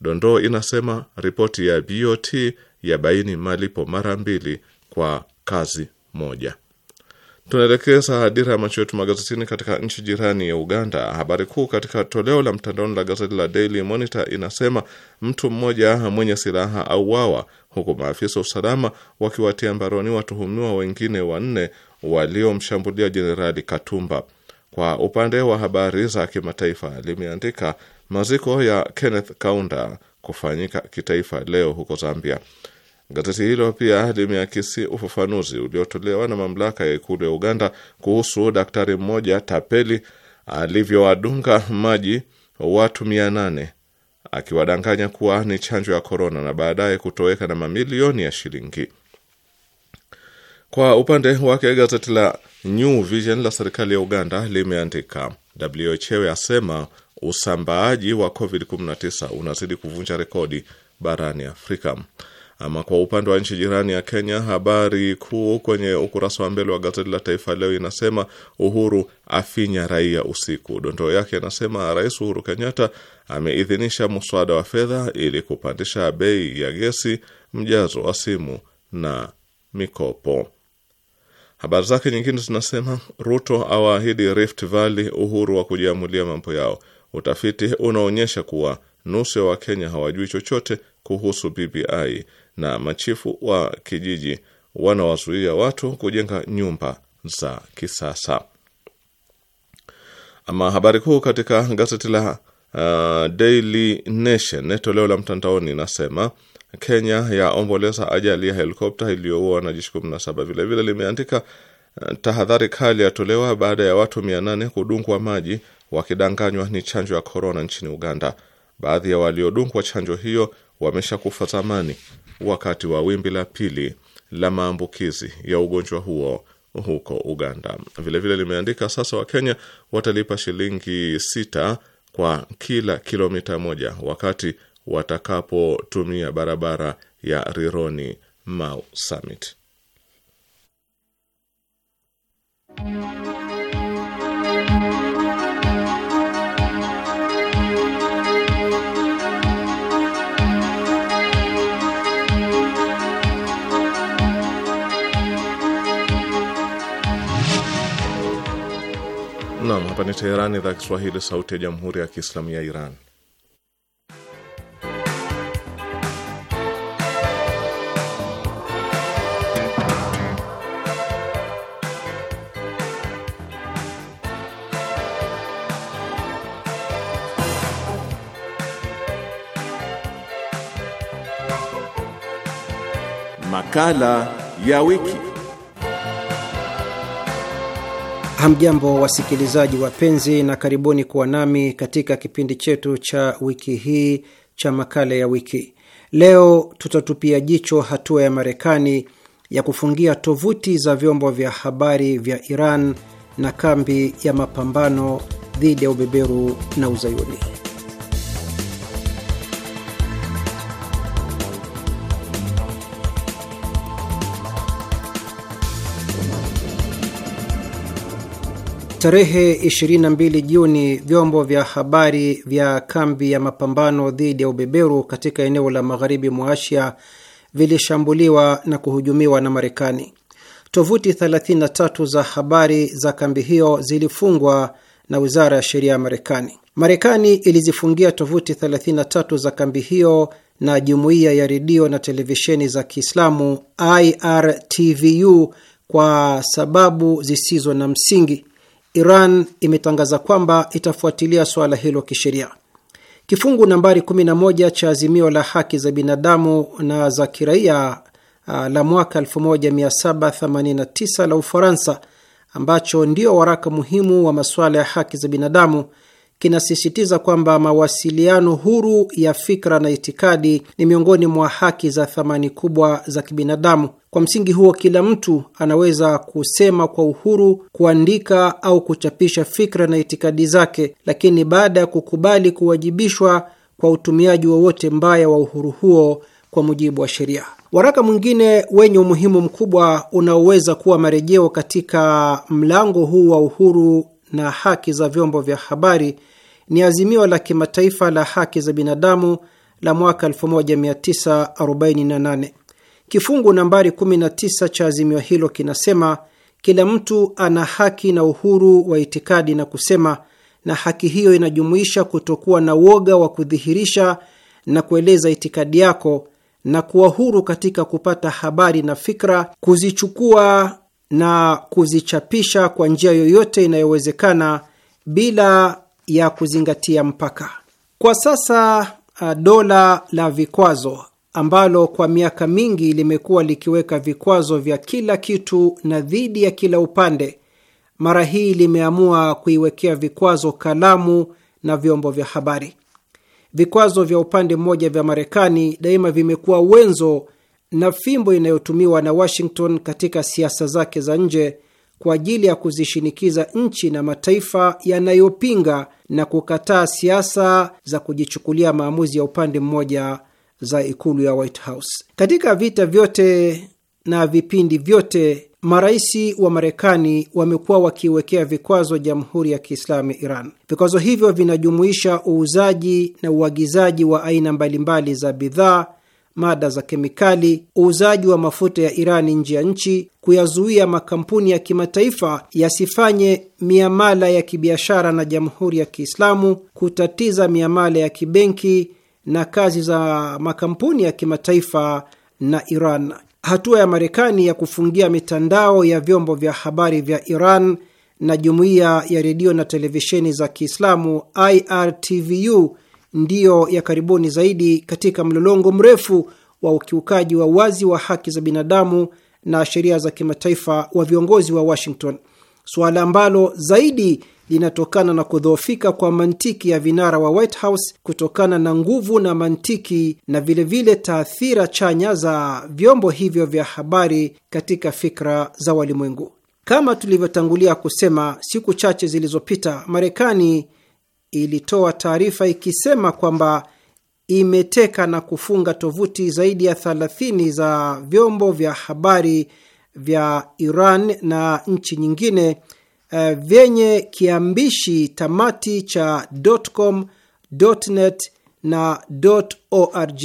Dondoo inasema ripoti ya BOT ya baini malipo mara mbili kwa kazi moja. Tunaelekeza hadira ya macho yetu magazetini katika nchi jirani ya Uganda. Habari kuu katika toleo la mtandaoni la gazeti la Daily Monitor inasema mtu mmoja mwenye silaha auawa, huku maafisa usalama wakiwatia mbaroni watuhumiwa wengine wanne waliomshambulia Jenerali Katumba. Kwa upande wa habari za kimataifa, limeandika maziko ya Kenneth Kaunda kufanyika kitaifa leo huko Zambia. Gazeti hilo pia limeakisi ufafanuzi uliotolewa na mamlaka ya ikulu ya Uganda kuhusu daktari mmoja tapeli alivyowadunga maji watu mia nane akiwadanganya kuwa ni chanjo ya korona na baadaye kutoweka na mamilioni ya shilingi. Kwa upande wake gazeti la New Vision la serikali ya Uganda limeandika WHO asema usambaaji wa COVID-19 unazidi kuvunja rekodi barani Afrika. Ama kwa upande wa nchi jirani ya Kenya, habari kuu kwenye ukurasa wa mbele wa gazeti la Taifa Leo inasema Uhuru afinya raia usiku. Dondoo yake inasema Rais Uhuru Kenyatta ameidhinisha mswada wa fedha ili kupandisha bei ya gesi, mjazo wa simu na mikopo. Habari zake nyingine zinasema Ruto awaahidi Rift Valley uhuru wa kujiamulia mambo yao. Utafiti unaonyesha kuwa nusu ya Wakenya hawajui chochote kuhusu BBI na machifu wa kijiji wanawazuia watu kujenga nyumba za kisasa. Ama habari kuu katika gazeti la uh, Daily Nation toleo la mtandaoni inasema Kenya yaomboleza ajali ya helikopta iliyoua wanajeshi 17. Vilevile limeandika uh, tahadhari kali yatolewa baada ya watu 800 kudungwa maji wakidanganywa ni chanjo ya korona nchini Uganda. Baadhi ya waliodungwa chanjo hiyo wameshakufa zamani wakati wa wimbi la pili la maambukizi ya ugonjwa huo huko Uganda. Vilevile vile limeandika sasa Wakenya watalipa shilingi sita kwa kila kilomita moja wakati watakapotumia barabara ya Rironi Mau Summit. Naam, hapa ni Teherani, idhaa Kiswahili, sauti ya jamhuri ya kiislamu ya Iran. Makala ya wiki. Hamjambo wasikilizaji wapenzi, na karibuni kuwa nami katika kipindi chetu cha wiki hii cha makala ya wiki. Leo tutatupia jicho hatua ya Marekani ya kufungia tovuti za vyombo vya habari vya Iran na kambi ya mapambano dhidi ya ubeberu na uzayuni. Tarehe 22 Juni, vyombo vya habari vya kambi ya mapambano dhidi ya ubeberu katika eneo la magharibi mwa Asia vilishambuliwa na kuhujumiwa na Marekani. Tovuti 33 za habari za kambi hiyo zilifungwa na wizara ya sheria ya Marekani. Marekani ilizifungia tovuti 33 za kambi hiyo na jumuiya ya redio na televisheni za Kiislamu IRTVU kwa sababu zisizo na msingi. Iran imetangaza kwamba itafuatilia suala hilo kisheria. Kifungu nambari 11 cha azimio la haki za binadamu na za kiraia uh, la mwaka 1789 la Ufaransa, ambacho ndio waraka muhimu wa masuala ya haki za binadamu, kinasisitiza kwamba mawasiliano huru ya fikra na itikadi ni miongoni mwa haki za thamani kubwa za kibinadamu. Kwa msingi huo, kila mtu anaweza kusema kwa uhuru, kuandika au kuchapisha fikra na itikadi zake, lakini baada ya kukubali kuwajibishwa kwa utumiaji wowote mbaya wa uhuru huo kwa mujibu wa sheria. Waraka mwingine wenye umuhimu mkubwa unaoweza kuwa marejeo katika mlango huu wa uhuru na haki za vyombo vya habari ni azimio la kimataifa la haki za binadamu la mwaka 1948. Kifungu nambari 19 cha azimio hilo kinasema, kila mtu ana haki na uhuru wa itikadi na kusema, na haki hiyo inajumuisha kutokuwa na woga wa kudhihirisha na kueleza itikadi yako na kuwa huru katika kupata habari na fikra, kuzichukua na kuzichapisha kwa njia yoyote inayowezekana bila ya kuzingatia mpaka. Kwa sasa uh, dola la vikwazo ambalo kwa miaka mingi limekuwa likiweka vikwazo vya kila kitu na dhidi ya kila upande, mara hii limeamua kuiwekea vikwazo kalamu na vyombo vya habari. Vikwazo vya upande mmoja vya Marekani daima vimekuwa wenzo na fimbo inayotumiwa na Washington katika siasa zake za nje kwa ajili ya kuzishinikiza nchi na mataifa yanayopinga na kukataa siasa za kujichukulia maamuzi ya upande mmoja za ikulu ya White House. Katika vita vyote na vipindi vyote, marais wa Marekani wamekuwa wakiwekea vikwazo Jamhuri ya Kiislamu ya Iran. Vikwazo hivyo vinajumuisha uuzaji na uagizaji wa aina mbalimbali za bidhaa mada za kemikali, uuzaji wa mafuta ya Irani nje ya nchi, kuyazuia makampuni ya kimataifa yasifanye miamala ya kibiashara na Jamhuri ya Kiislamu, kutatiza miamala ya kibenki na kazi za makampuni ya kimataifa na Iran. Hatua ya Marekani ya kufungia mitandao ya vyombo vya habari vya Iran na jumuiya ya redio na televisheni za Kiislamu IRTVU ndiyo ya karibuni zaidi katika mlolongo mrefu wa ukiukaji wa wazi wa haki za binadamu na sheria za kimataifa wa viongozi wa Washington, suala ambalo zaidi linatokana na kudhoofika kwa mantiki ya vinara wa White House kutokana na nguvu na mantiki na vilevile taathira chanya za vyombo hivyo vya habari katika fikra za walimwengu. Kama tulivyotangulia kusema siku chache zilizopita, Marekani ilitoa taarifa ikisema kwamba imeteka na kufunga tovuti zaidi ya 30 za vyombo vya habari vya Iran na nchi nyingine uh, vyenye kiambishi tamati cha .com, .net na .org.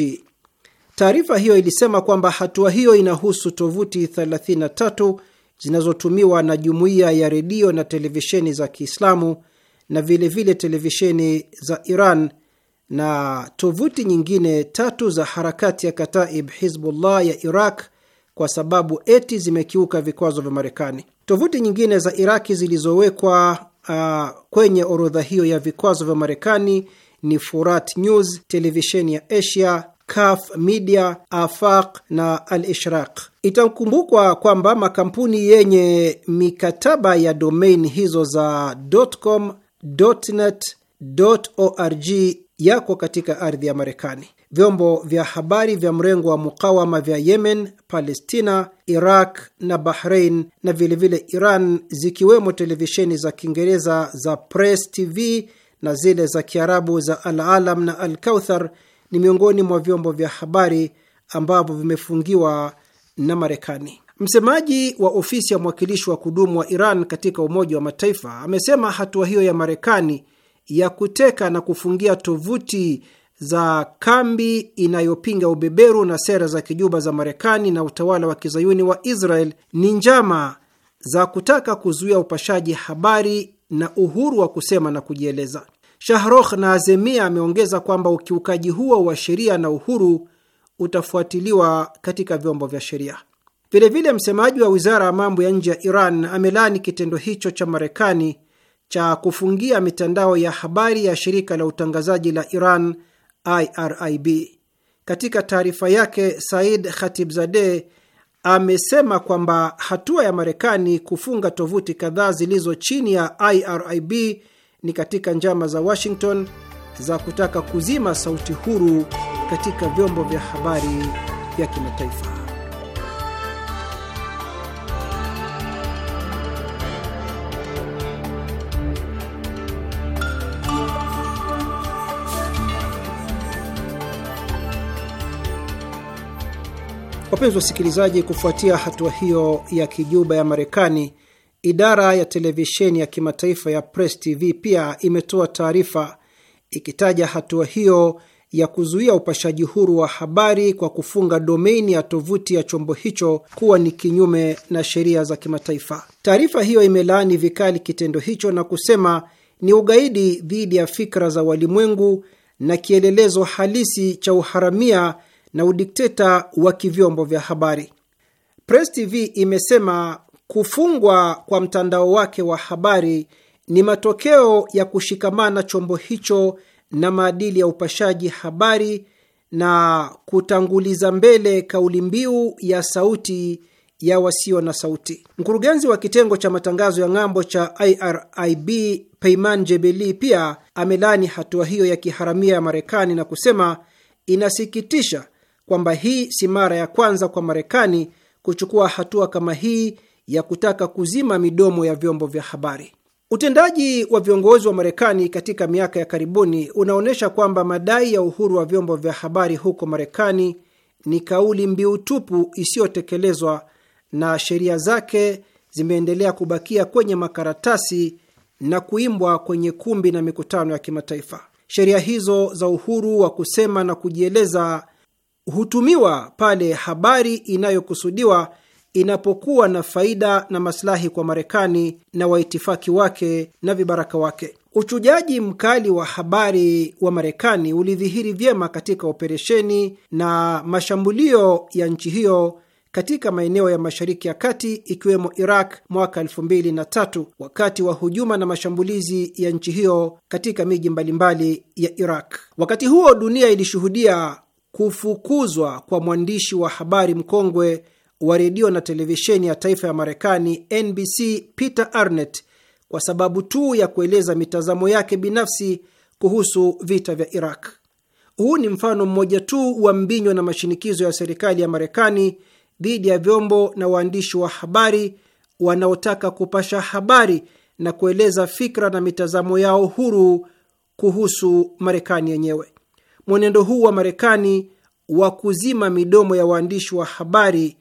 Taarifa hiyo ilisema kwamba hatua hiyo inahusu tovuti 33 zinazotumiwa na jumuiya ya redio na televisheni za Kiislamu na vilevile televisheni za Iran na tovuti nyingine tatu za harakati ya Kataib Hizbullah ya Iraq kwa sababu eti zimekiuka vikwazo vya Marekani. Tovuti nyingine za Iraki zilizowekwa uh, kwenye orodha hiyo ya vikwazo vya Marekani ni Furat News, televisheni ya Asia, Kaf Media, Afaq na Al Ishraq. Itakumbukwa kwamba makampuni yenye mikataba ya domain hizo za .com org yako katika ardhi ya Marekani. Vyombo vya habari vya mrengo wa mukawama vya Yemen, Palestina, Iraq na Bahrain na vilevile vile Iran, zikiwemo televisheni za Kiingereza za Press TV na zile za Kiarabu za Al Alam na Al Kauthar ni miongoni mwa vyombo vya habari ambavyo vimefungiwa na Marekani. Msemaji wa ofisi ya mwakilishi wa kudumu wa Iran katika Umoja wa Mataifa amesema hatua hiyo ya Marekani ya kuteka na kufungia tovuti za kambi inayopinga ubeberu na sera za kijuba za Marekani na utawala wa kizayuni wa Israel ni njama za kutaka kuzuia upashaji habari na uhuru wa kusema na kujieleza. Shahrokh na Azemia ameongeza kwamba ukiukaji huo wa sheria na uhuru utafuatiliwa katika vyombo vya sheria. Vilevile, msemaji wa wizara ya mambo ya nje ya Iran amelaani kitendo hicho cha Marekani cha kufungia mitandao ya habari ya shirika la utangazaji la Iran IRIB. Katika taarifa yake, Said Khatibzadeh amesema kwamba hatua ya Marekani kufunga tovuti kadhaa zilizo chini ya IRIB ni katika njama za Washington za kutaka kuzima sauti huru katika vyombo vya habari vya kimataifa. Wapenzi wasikilizaji, kufuatia hatua hiyo ya kijuba ya Marekani, idara ya televisheni ya kimataifa ya Press TV pia imetoa taarifa ikitaja hatua hiyo ya kuzuia upashaji huru wa habari kwa kufunga domeni ya tovuti ya chombo hicho kuwa ni kinyume na sheria za kimataifa. Taarifa hiyo imelaani vikali kitendo hicho na kusema ni ugaidi dhidi ya fikra za walimwengu na kielelezo halisi cha uharamia na udikteta wa kivyombo vya habari. Press TV imesema kufungwa kwa mtandao wake wa habari ni matokeo ya kushikamana chombo hicho na maadili ya upashaji habari na kutanguliza mbele kauli mbiu ya sauti ya wasio na sauti. Mkurugenzi wa kitengo cha matangazo ya ng'ambo cha IRIB Peyman Jebeli pia amelani hatua hiyo ya kiharamia ya Marekani na kusema inasikitisha kwamba hii si mara ya kwanza kwa Marekani kuchukua hatua kama hii ya kutaka kuzima midomo ya vyombo vya habari. Utendaji wa viongozi wa Marekani katika miaka ya karibuni unaonyesha kwamba madai ya uhuru wa vyombo vya habari huko Marekani ni kauli mbiu tupu isiyotekelezwa na sheria zake zimeendelea kubakia kwenye makaratasi na kuimbwa kwenye kumbi na mikutano ya kimataifa. Sheria hizo za uhuru wa kusema na kujieleza hutumiwa pale habari inayokusudiwa inapokuwa na faida na maslahi kwa Marekani na waitifaki wake na vibaraka wake. Uchujaji mkali wa habari wa Marekani ulidhihiri vyema katika operesheni na mashambulio ya nchi hiyo katika maeneo ya Mashariki ya Kati ikiwemo Iraq mwaka 2003 wakati wa hujuma na mashambulizi ya nchi hiyo katika miji mbalimbali ya Iraq. Wakati huo dunia ilishuhudia kufukuzwa kwa mwandishi wa habari mkongwe wa redio na televisheni ya taifa ya Marekani NBC Peter Arnett kwa sababu tu ya kueleza mitazamo yake binafsi kuhusu vita vya Iraq. Huu ni mfano mmoja tu wa mbinywa na mashinikizo ya serikali ya Marekani dhidi ya vyombo na waandishi wa habari wanaotaka kupasha habari na kueleza fikra na mitazamo yao huru kuhusu Marekani yenyewe mwenendo huu wa Marekani wa kuzima midomo ya waandishi wa habari,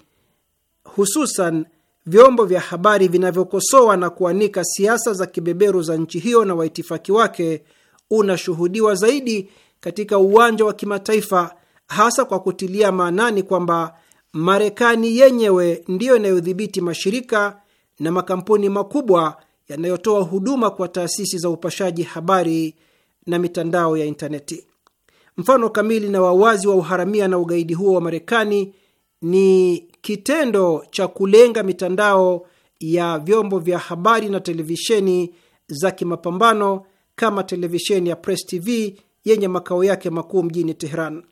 hususan vyombo vya habari vinavyokosoa na kuanika siasa za kibeberu za nchi hiyo na waitifaki wake, unashuhudiwa zaidi katika uwanja wa kimataifa, hasa kwa kutilia maanani kwamba Marekani yenyewe ndiyo inayodhibiti mashirika na makampuni makubwa yanayotoa huduma kwa taasisi za upashaji habari na mitandao ya intaneti. Mfano kamili na wawazi wa uharamia na ugaidi huo wa Marekani ni kitendo cha kulenga mitandao ya vyombo vya habari na televisheni za kimapambano kama televisheni ya Press TV yenye makao yake makuu mjini Teheran.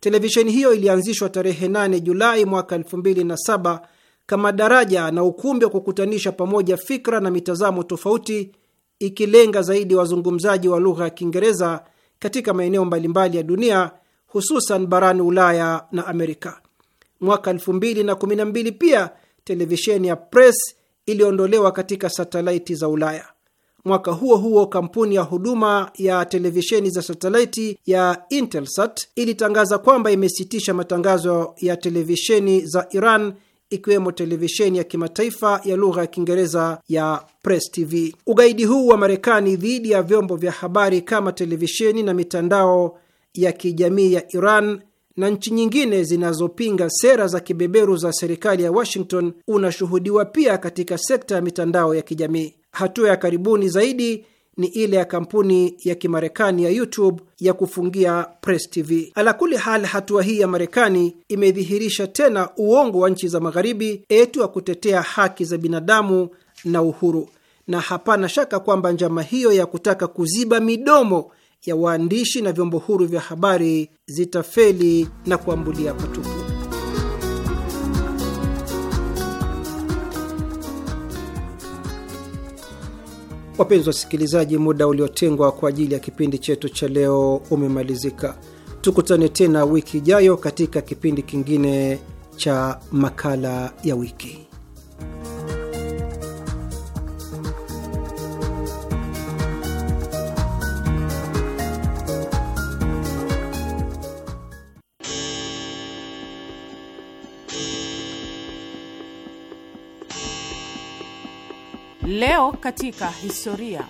Televisheni hiyo ilianzishwa tarehe 8 Julai mwaka 2007 kama daraja na ukumbi wa kukutanisha pamoja fikra na mitazamo tofauti, ikilenga zaidi wazungumzaji wa lugha ya Kiingereza katika maeneo mbalimbali ya dunia hususan barani Ulaya na Amerika. Mwaka 2012 pia televisheni ya Press iliondolewa katika satelaiti za Ulaya. Mwaka huo huo kampuni ya huduma ya televisheni za satelaiti ya Intelsat ilitangaza kwamba imesitisha matangazo ya televisheni za Iran ikiwemo televisheni ya kimataifa ya lugha ya Kiingereza ya Press TV. Ugaidi huu wa Marekani dhidi ya vyombo vya habari kama televisheni na mitandao ya kijamii ya Iran na nchi nyingine zinazopinga sera za kibeberu za serikali ya Washington unashuhudiwa pia katika sekta ya mitandao ya kijamii. Hatua ya karibuni zaidi ni ile ya kampuni ya Kimarekani ya YouTube ya kufungia Press TV. Alakuli hal, hatua hii ya Marekani imedhihirisha tena uongo wa nchi za magharibi etu wa kutetea haki za binadamu na uhuru, na hapana shaka kwamba njama hiyo ya kutaka kuziba midomo ya waandishi na vyombo huru vya habari zitafeli na kuambulia patupu. Wapenzi wasikilizaji, muda uliotengwa kwa ajili ya kipindi chetu cha leo umemalizika. Tukutane tena wiki ijayo katika kipindi kingine cha makala ya wiki. Leo katika historia.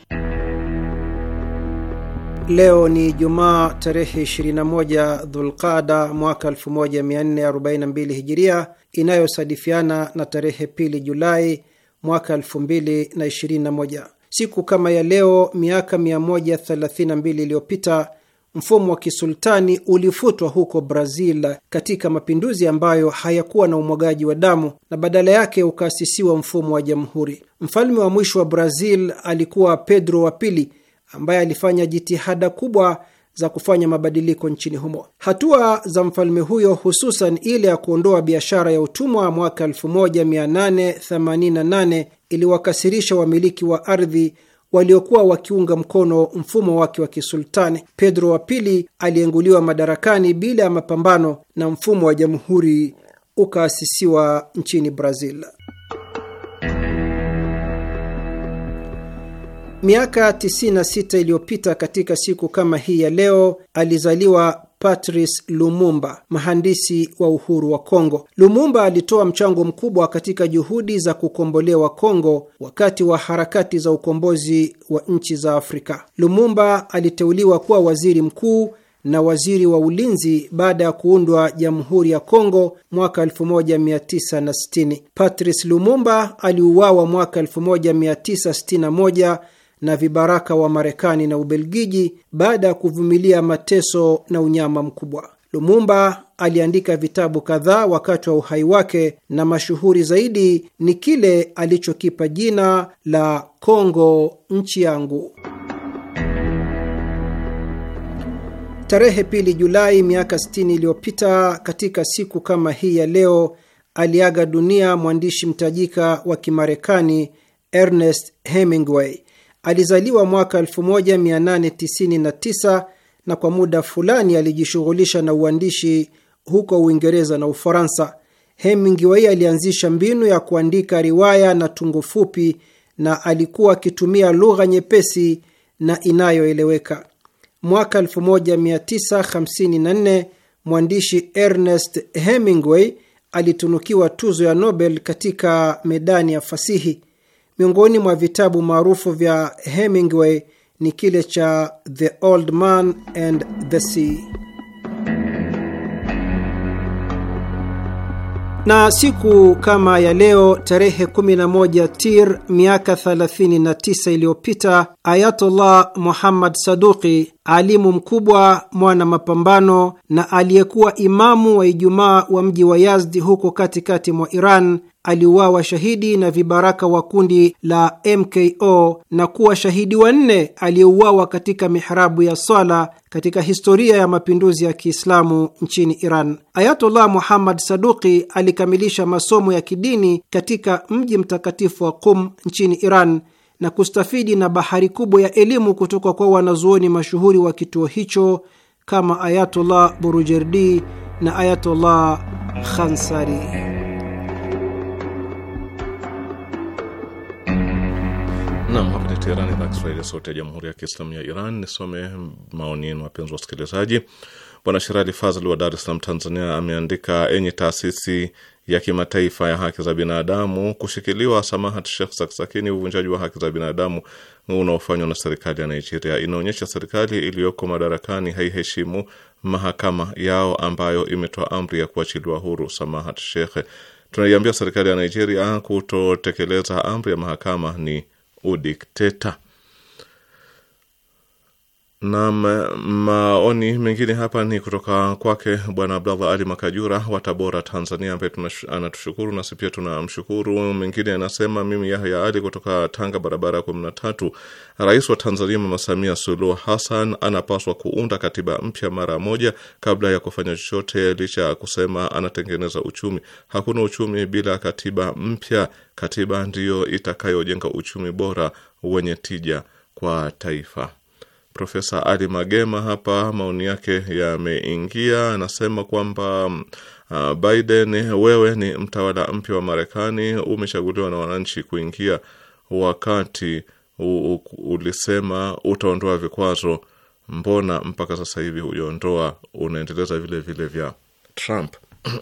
Leo ni Jumaa tarehe 21 Dhulqada mwaka 1442 Hijiria, inayosadifiana na tarehe pili Julai mwaka 2021. Siku kama ya leo miaka 132 iliyopita mfumo wa kisultani ulifutwa huko Brazil katika mapinduzi ambayo hayakuwa na umwagaji wa damu na badala yake ukaasisiwa mfumo wa jamhuri. Mfalme wa mwisho wa Brazil alikuwa Pedro wa Pili, ambaye alifanya jitihada kubwa za kufanya mabadiliko nchini humo. Hatua za mfalme huyo, hususan ile ya kuondoa biashara ya utumwa mwaka 1888, iliwakasirisha wamiliki wa ardhi waliokuwa wakiunga mkono mfumo wake wa kisultani. Pedro wa pili alienguliwa madarakani bila ya mapambano na mfumo wa jamhuri ukaasisiwa nchini Brazil. Miaka 96 iliyopita katika siku kama hii ya leo alizaliwa Patrice Lumumba, mhandisi wa uhuru wa Kongo. Lumumba alitoa mchango mkubwa katika juhudi za kukombolewa Kongo wakati wa harakati za ukombozi wa nchi za Afrika. Lumumba aliteuliwa kuwa waziri mkuu na waziri wa ulinzi baada ya kuundwa Jamhuri ya Kongo mwaka 1960. Patrice Lumumba aliuawa mwaka 1961 na vibaraka wa Marekani na Ubelgiji baada ya kuvumilia mateso na unyama mkubwa. Lumumba aliandika vitabu kadhaa wakati wa uhai wake na mashuhuri zaidi ni kile alichokipa jina la Kongo nchi yangu. Tarehe pili Julai miaka 60 iliyopita katika siku kama hii ya leo aliaga dunia mwandishi mtajika wa Kimarekani Ernest Hemingway. Alizaliwa mwaka 1899 na kwa muda fulani alijishughulisha na uandishi huko Uingereza na Ufaransa. Hemingway alianzisha mbinu ya kuandika riwaya na tungo fupi na alikuwa akitumia lugha nyepesi na inayoeleweka. Mwaka 1954 mwandishi Ernest Hemingway alitunukiwa tuzo ya Nobel katika medani ya fasihi. Miongoni mwa vitabu maarufu vya Hemingway ni kile cha The Old Man and the Sea. Na siku kama ya leo tarehe 11 Tir miaka 39 iliyopita, Ayatullah Muhammad Saduqi, alimu mkubwa, mwana mapambano na aliyekuwa imamu wa Ijumaa wa mji wa Yazdi huko katikati mwa Iran aliuawa shahidi na vibaraka wa kundi la MKO na kuwa shahidi wanne aliyeuawa katika mihrabu ya swala katika historia ya mapinduzi ya Kiislamu nchini Iran. Ayatullah Muhammad Saduqi alikamilisha masomo ya kidini katika mji mtakatifu wa Qum nchini Iran na kustafidi na bahari kubwa ya elimu kutoka kwa wanazuoni mashuhuri wa kituo hicho kama Ayatullah Burujerdi na Ayatullah Khansari. Nam, hapa ni Teheran, idhaa Kiswahili, sauti ya jamhuri ya kiislamu ya Iran. Nisome maoni yenu, wapenzi wasikilizaji. Bwana Sherali Fazl wa Dar es Salaam, Tanzania, ameandika: enye taasisi ya kimataifa ya haki za binadamu, kushikiliwa Samahat Sheikh Saksakini, uvunjaji wa haki za binadamu unaofanywa na serikali ya Nigeria inaonyesha serikali iliyoko madarakani haiheshimu mahakama yao ambayo imetoa amri ya kuachiliwa huru Samahat Sheikh. Tunaiambia serikali ya Nigeria kutotekeleza amri ya mahakama ni udikteta na maoni mengine hapa ni kutoka kwake Bwana Abdallah Ali Makajura wa Tabora, Tanzania, ambaye anatushukuru nasi pia tunamshukuru. Mengine anasema mimi Yahya Ali kutoka Tanga, barabara ya kumi na tatu. Rais wa Tanzania Mama Samia Suluhu Hassan anapaswa kuunda katiba mpya mara moja kabla ya kufanya chochote, licha ya kusema anatengeneza uchumi. Hakuna uchumi bila katiba mpya. Katiba ndiyo itakayojenga uchumi bora wenye tija kwa taifa. Profesa Ali Magema hapa maoni yake yameingia, anasema kwamba uh, Biden wewe ni mtawala mpya wa Marekani, umechaguliwa na wananchi kuingia wakati u, u, ulisema utaondoa vikwazo, mbona mpaka sasa hivi hujaondoa, unaendeleza vile vile vya Trump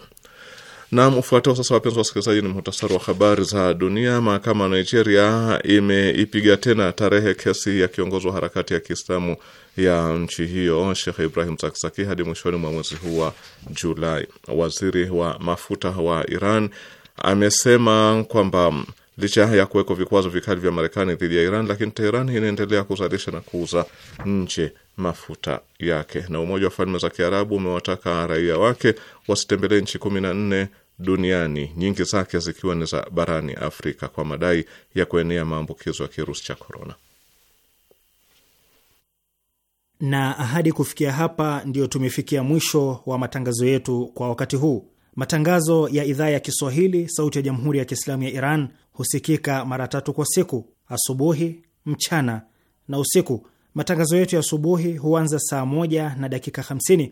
Na ufuatao sasa, wapenzi wasikilizaji, ni muhtasari wa habari za dunia. Mahakama ya Nigeria imeipiga tena tarehe kesi ya kiongozi wa harakati ya Kiislamu ya nchi hiyo Shekh Ibrahim Zakzaki hadi mwishoni mwa mwezi huu wa Julai. Waziri wa mafuta wa Iran amesema kwamba licha ya kuwekwa vikwazo vikali vya Marekani dhidi ya Iran, lakini Teheran inaendelea kuzalisha na kuuza nje mafuta yake. Na Umoja wa Falme za Kiarabu umewataka raia wake wasitembelee nchi kumi na nne duniani, nyingi zake zikiwa ni za barani Afrika, kwa madai ya kuenea maambukizo ya kirusi cha korona. Na ahadi kufikia hapa, ndiyo tumefikia mwisho wa matangazo yetu kwa wakati huu. Matangazo ya idhaa ya Kiswahili, sauti ya jamhuri ya kiislamu ya Iran husikika mara tatu kwa siku: asubuhi, mchana na usiku. Matangazo yetu ya asubuhi huanza saa moja na dakika 50